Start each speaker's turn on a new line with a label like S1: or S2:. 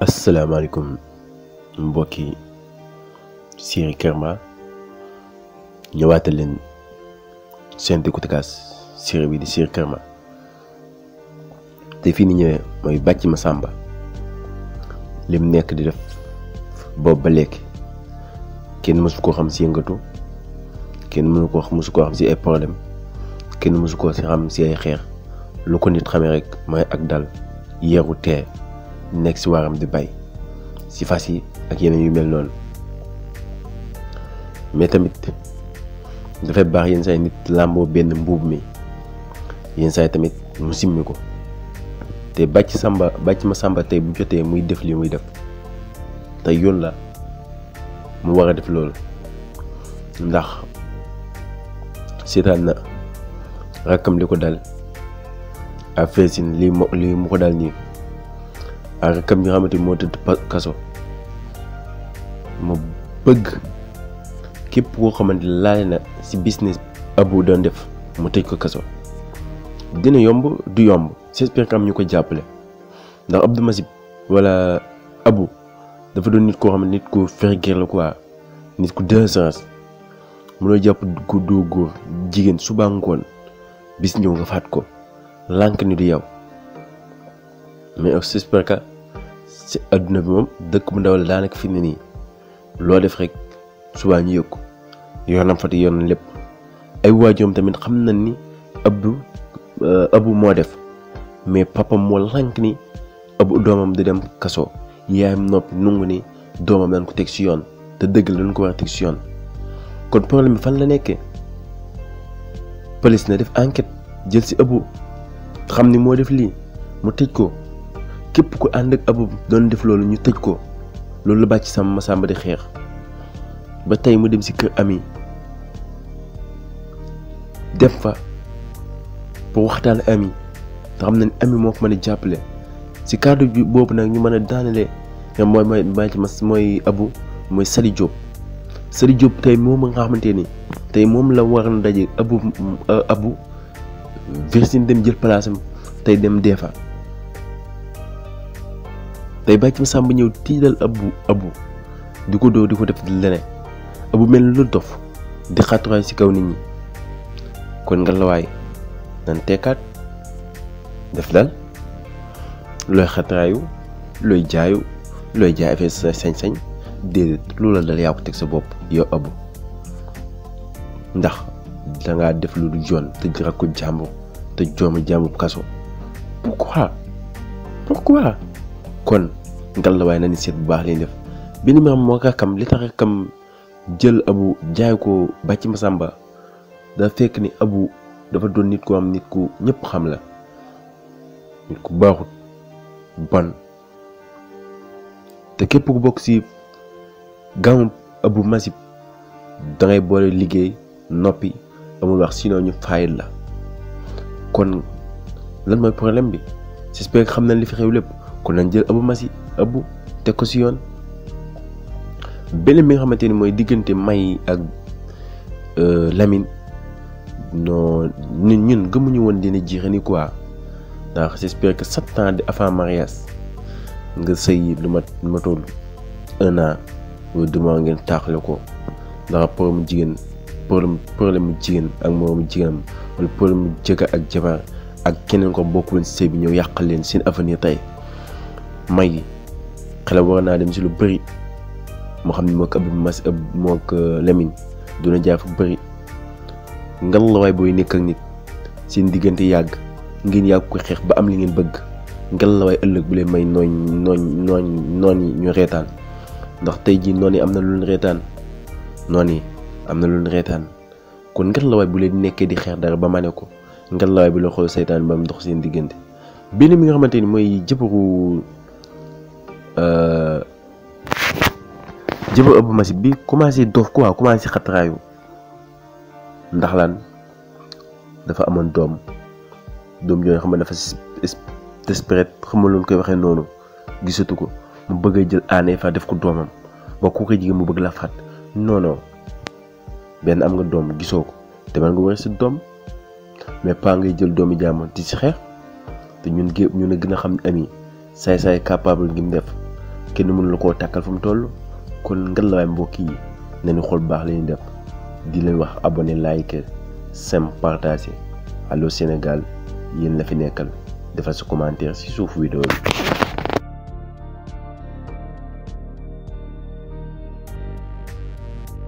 S1: asalaamaaleykum mbokki série Kër Ma ñëwaate leen seen décortiquage série bi di série Kër te fii ni ñëwee mooy bàcc ma sàmba lim nekk di def boobu ba lekk kenn mësu koo xam si yëngatu kenn mënu ko mësu koo xam si ay problème kenn mësu koo si xam si ay xeex lu ko nit xamee rek mooy ak dal yeeru tee nekk ci waaram di bay si fas yi ak yeneen yu mel noonu mais tamit dafay baax yenn saay nit làmboo benn mbuub mi yenn saay tamit mu simmi ko te bàcc sàmba bàcc ma sàmba tey bu jotee muy def li muy def te yoon la mu war a def loolu ndax seetaan na rakkam li ko dal ak feesin lii mu ko dal nii ak rakam bi xamante ni moo tëdd kaso ma bëgg képp koo xamante laale na ci business abu doon def mu tëj ko kaso dina yomb du yomb j'espère que am ñu ko jàppale ndax Abdou Masib walla abu dafa doon nit koo xam ne nit ku fergeer la quoi nit ku deux sens mënoo jàpp ko góor jigéen suba ngoon bis ñëw nga faat ko lànk ni du yow mais j'espère que ci àdduna bi moom dëkk bu ndaw la daanaka fi ne nii loo def rek subaa ñu yëg yoonam fati yoon lépp ay waajuram tamit xam nañ ni Abdou euh, Abou moo def mais papam moo lànk ni Abou doomam di dem kaso yaayam noppi nungu ni doomam dañ ko teg ci yoon te dëgg la dañ ko war a teg ci yoon kon problème bi fan la nekkee police na def enquête jël si Abou xam ni moo def lii mu tëj ko képp ku ànd ak abub doon def loolu ñu tëj ko loolu la bàcc sàmm Masamba di xeex ba tey mu dem ci kër ami def fa ba waxtaan ami te xam nañ ami moo ko mën a jàppale ci cadre bi boobu nag ñu mën a daanale mooy mooy bàcc mas mooy abu mooy Sali Diop Sali Diop tey moom nga xamante ni tey moom la war na daje abu abu Virginie dem jël place tey dem deefa day bàyyi Masamba ñëw tiidal abu abu di ko doo di ko def leneen abu mel ni lu dof di xaaturaay ci kaw nit ñi kon nga lawaay nan tekkaat def dal looy xataraayu looy jaayu looy jaay affaire sa sañ-sañ déedéet loola dal yaa teg sa bopp yow abu ndax danga def lu du joon te jëra ko jàmbur te jooma jàmbur kaso pourquoi pourquoi kon ngal na waaye seet bu baax li ñu def bi ni maam moo rakkam li tax kam jël abu jaay ko bàcc masamba da fekk ni abu dafa doon nit ku am nit ku ñëpp xam la nit ku baaxut bon te képp ku bokk ci gamu abu masib da ngay boole liggéey noppi amul wax sinon ñu fayit la kon lan mooy poroblème bi j'espère xam na li fi xew lépp kon nañ jël Abou Massi Abou teg ko si yoon beneen bi nga xamante ni mooy diggante May ak euh, Lamine non ñun ñun gëmuñu woon dina jeexe ni quoi ndax j'espère que sept ans nga sëy lu ma lu ma toll un an wala ngeen taaxle ko ndax problème jigéen problème problème mu jigéen ak moroomu jigéenam wala problème mu jëkkër ak jabar ak keneen ko bokkul sëy bi ñëw yàqal leen seen avenir tey. may xelam war naa dem si lu bëri moo xam ne moo ko ëpp mas ëpp moo ko Lamine duna jaar fu bëri ngal la waay booy nekk ak nit seen diggante yàgg ngeen yàgg ko xeex ba am li ngeen bëgg ngal la waay ëllëg bu leen may nooñ nooñ nooñ noon yi ñu reetaan ndax tey jii noon yi am na lu leen reetaan noon yi am na lu leen reetaan kon ngal la waay bu leen nekkee di xeex dara ba ma ne ko ngal la waay bu la xool seytaan ba mu dox seen diggante benn mi nga xamante ni mooy jëpparu jëma ëpp masib bi commencé doof quoi commencé xatraayu ndax lan dafa amoon doom doom jooju xam ne dafa desperate xam nga koy waxee noonu gisatu ko mu bëgg a jël aanee fa def ko doomam ba ku ko jigéen mu bëgg laa faat non benn am nga doom gisoo ko demal nga war si doom mais pas ngay jël doomi jàmm di si xeex te ñun gé ñu a gën a xam ami saay saay capable ngir def. kenn mënu la koo tàkkal fu mu toll kon ngën la mbokk yi nañu xool baax la def di leen wax abonné like sem partagé Allô Sénégal yéen la fi nekkal defal sa commentaire ci suuf vidéo bi